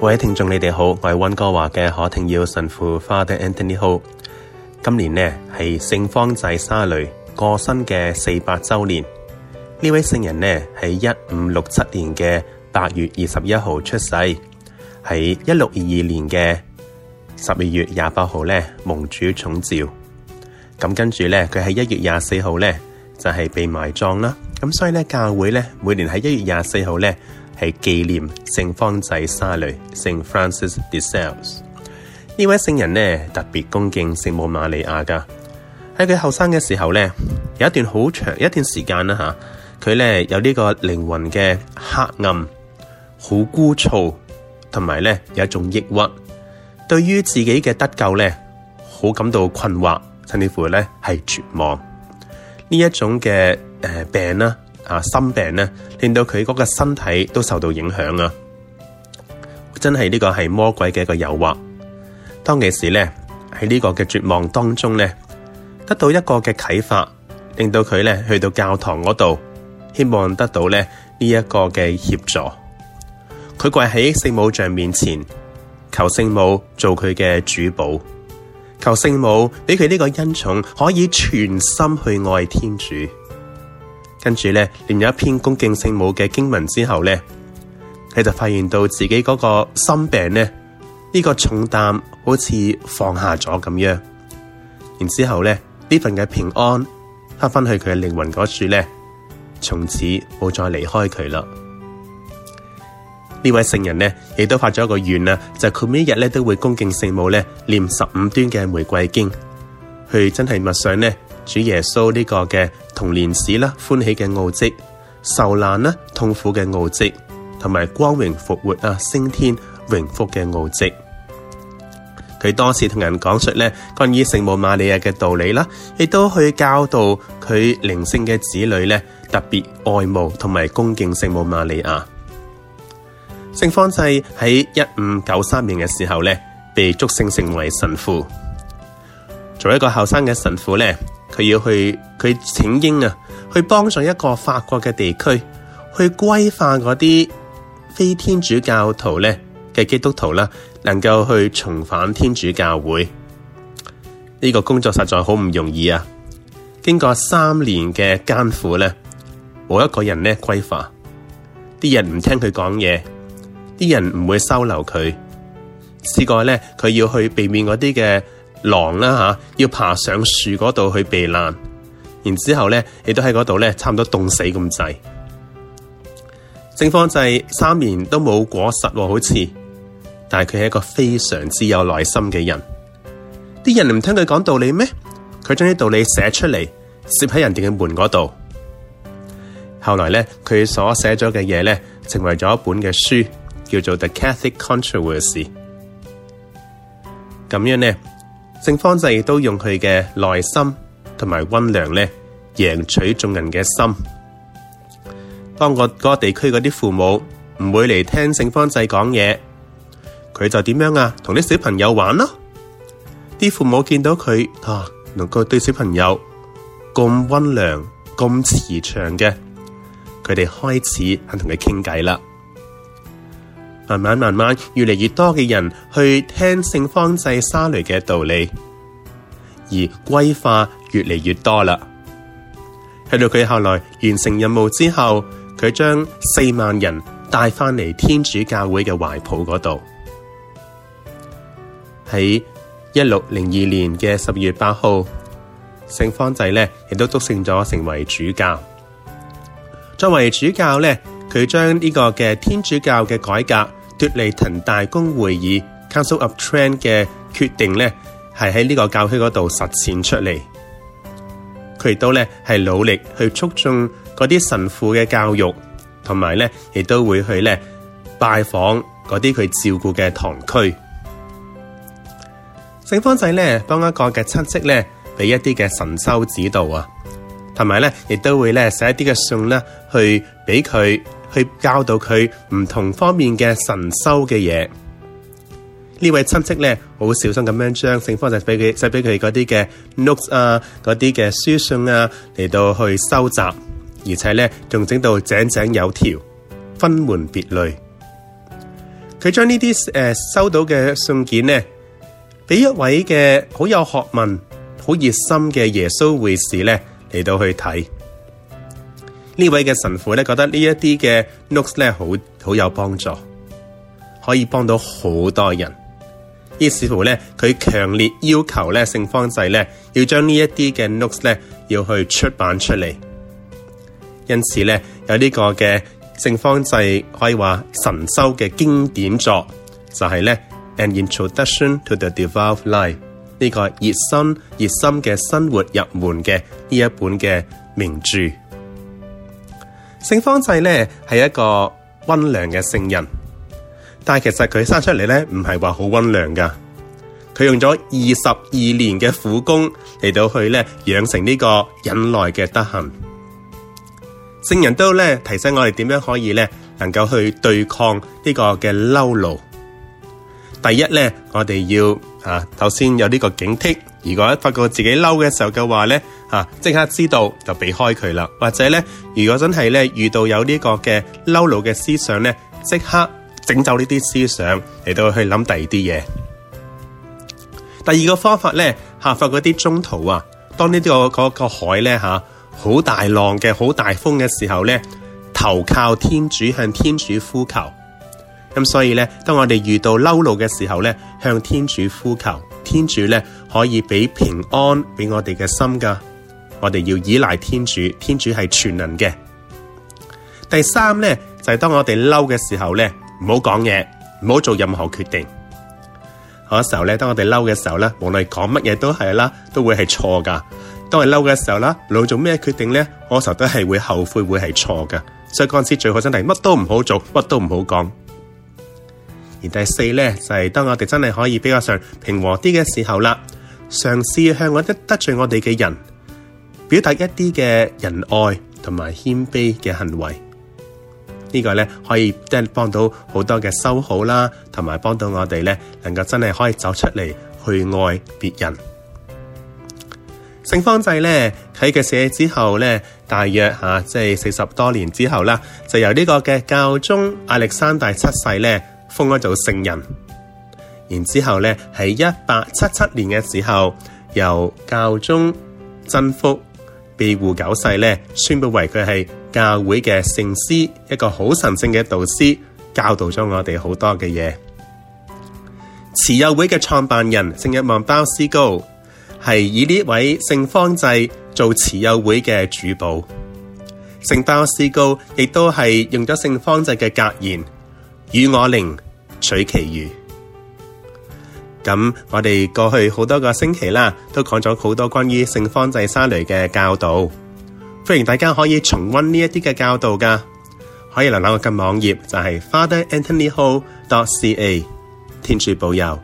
各位聽眾，你哋好，我係溫哥華嘅何廷耀神父 Father Anthony Ho。今年呢係聖方濟沙雷過身嘅四百周年。呢位聖人呢喺一五六七年嘅八月二十一號出世，喺一六二二年嘅十二月廿八號咧蒙主寵召。咁跟住咧，佢喺一月廿四號咧就係、是、被埋葬啦。咁所以咧，教會咧每年喺一月廿四號咧。係紀念聖方仔沙雷 s Francis de Sales）。呢位聖人呢，特別恭敬聖母瑪利亞噶。喺佢後生嘅時候呢，有一段好長一段時間啦吓，佢呢有呢個靈魂嘅黑暗，好枯燥，同埋呢有一種抑鬱，對於自己嘅得救呢，好感到困惑，甚至乎呢係絕望。呢一種嘅誒、呃、病啦。啊，心病咧，令到佢嗰個身體都受到影響啊！真係呢個係魔鬼嘅一個誘惑。當其時咧，喺呢個嘅絕望當中咧，得到一個嘅啟發，令到佢咧去到教堂嗰度，希望得到咧呢一個嘅協助。佢跪喺聖母像面前，求聖母做佢嘅主保，求聖母俾佢呢個恩寵，可以全心去愛天主。跟住咧，念咗一篇恭敬聖母嘅經文之後咧，佢就發現到自己嗰個心病咧，呢個重擔好似放下咗咁樣。然之後咧，呢份嘅平安，刻翻去佢嘅靈魂嗰處咧，從此冇再離開佢啦。呢位聖人咧，亦都發咗一個願啊，就佢每一日咧都會恭敬聖母咧，念十五端嘅玫瑰經，佢真係默想咧。主耶穌呢個嘅童年史啦，歡喜嘅奧跡，受難啦，痛苦嘅奧跡，同埋光榮復活啊，升天榮福嘅奧跡。佢多次同人講述呢，關於聖母瑪利亞嘅道理啦，亦都去教導佢靈性嘅子女呢，特別愛慕同埋恭敬聖母瑪利亞。聖方濟喺一五九三年嘅時候呢，被祝聖成為神父。做一個後生嘅神父呢。佢要去，佢請纓啊，去幫助一個法國嘅地區，去歸化嗰啲非天主教徒咧嘅基督徒啦，能夠去重返天主教會。呢個工作實在好唔容易啊！經過三年嘅艱苦咧，冇一個人咧歸化，啲人唔聽佢講嘢，啲人唔會收留佢。試過咧，佢要去避免嗰啲嘅。狼啦、啊、吓、啊，要爬上樹嗰度去避難，然之後咧，亦都喺嗰度咧，差唔多凍死咁滯。正方就三年都冇果實，好似，但係佢係一個非常之有耐心嘅人。啲人唔聽佢講道理咩？佢將啲道理寫出嚟，攝喺人哋嘅門嗰度。後來咧，佢所寫咗嘅嘢咧，成為咗一本嘅書，叫做《The Catholic Controversy》呢。咁樣咧。聖方濟都用佢嘅耐心同埋溫良咧，贏取眾人嘅心。當個嗰個地區嗰啲父母唔會嚟聽聖方濟講嘢，佢就點樣啊？同啲小朋友玩咯，啊。啲父母見到佢啊，能夠對小朋友咁溫良咁慈祥嘅，佢哋開始肯同佢傾偈啦。慢慢慢慢，越嚟越多嘅人去聽聖方濟沙雷嘅道理，而歸化越嚟越多啦。去到佢後來完成任務之後，佢將四萬人帶翻嚟天主教會嘅懷抱嗰度。喺一六零二年嘅十二月八號，聖方濟咧亦都祝聖咗成為主教。作為主教咧，佢將呢個嘅天主教嘅改革。脫利騰大公會議 Council of Trent 嘅決定呢，係喺呢個教區嗰度實踐出嚟。佢亦都呢，係努力去促進嗰啲神父嘅教育，同埋呢，亦都會去呢，拜訪嗰啲佢照顧嘅堂區。聖方濟呢，幫一個嘅親戚呢，俾一啲嘅神修指導啊，同埋呢，亦都會呢，寫一啲嘅信呢，去俾佢。去教導佢唔同方面嘅神修嘅嘢。這位親呢位親戚咧，好小心咁樣將聖方濟俾佢，俾佢嗰啲嘅 note 啊，嗰啲嘅書信啊嚟到去收集，而且咧仲整到井井有條，分門別類。佢將呢啲誒收到嘅信件呢，俾一位嘅好有學問、好熱心嘅耶穌會士咧嚟到去睇。呢位嘅神父咧，覺得這一些呢一啲嘅 notes 咧，好好有幫助，可以幫到好多人。於是乎咧，佢強烈要求咧，聖方濟咧要將這一些呢一啲嘅 notes 咧要去出版出嚟。因此咧，有呢個嘅聖方濟可以話神修嘅經典作就係、是、咧《An Introduction to the Devout Life》呢個熱心熱心嘅生活入門嘅呢一本嘅名著。聖方濟咧係一個溫良嘅聖人，但係其實佢生出嚟咧唔係話好溫良噶，佢用咗二十二年嘅苦功嚟到去咧養成呢個忍耐嘅德行。聖人都咧提醒我哋點樣可以咧能夠去對抗呢個嘅嬲怒。第一呢，我哋要啊頭先有呢個警惕。如果發覺自己嬲嘅時候嘅話呢，吓即、啊、刻知道就避開佢啦。或者呢，如果真係咧遇到有呢個嘅嬲佬嘅思想呢，即刻整走呢啲思想嚟到去諗第二啲嘢。第二個方法呢，下發嗰啲中途啊，當呢、這、啲個、嗰個海呢、吓、啊、好大浪嘅、好大風嘅時候呢，投靠天主，向天主呼求。咁所以咧，當我哋遇到嬲怒嘅時候咧，向天主呼求，天主咧可以俾平安俾我哋嘅心噶。我哋要依賴天主，天主係全能嘅。第三咧就係、是、當我哋嬲嘅時候咧，唔好講嘢，唔好做任何決定。嗰時候咧，當我哋嬲嘅時候咧，無論講乜嘢都係啦，都會係錯噶。當係嬲嘅時候啦，老做咩決定咧？嗰時候都係會後悔，會係錯噶。所以嗰陣時最好真係乜都唔好做，乜都唔好講。而第四呢，就係當我哋真係可以比較上平和啲嘅時候啦，嘗試向我哋得罪我哋嘅人表達一啲嘅仁愛同埋謙卑嘅行為。呢個呢，可以即幫到好多嘅修好啦，同埋幫到我哋呢，能夠真係可以走出嚟去愛別人。聖方濟呢，喺佢寫之後呢，大約嚇即係四十多年之後啦，就由呢個嘅教宗亞歷山大七世呢，封咗做聖人，然之後咧喺一八七七年嘅時候，由教宗真福庇護九世咧宣布為佢係教會嘅聖師，一個好神聖嘅導師，教導咗我哋好多嘅嘢。慈幼會嘅創辦人聖若望鮑思高係以呢位聖方濟做慈幼會嘅主保，聖鮑思高亦都係用咗聖方濟嘅格言：與我靈。取其餘，咁我哋過去好多個星期啦，都講咗好多關於聖方濟沙雷嘅教導，歡迎大家可以重溫呢一啲嘅教導噶，可以瀏覽我嘅網頁，就係、是、Father Anthony Ho dot C. A. 天主保佑。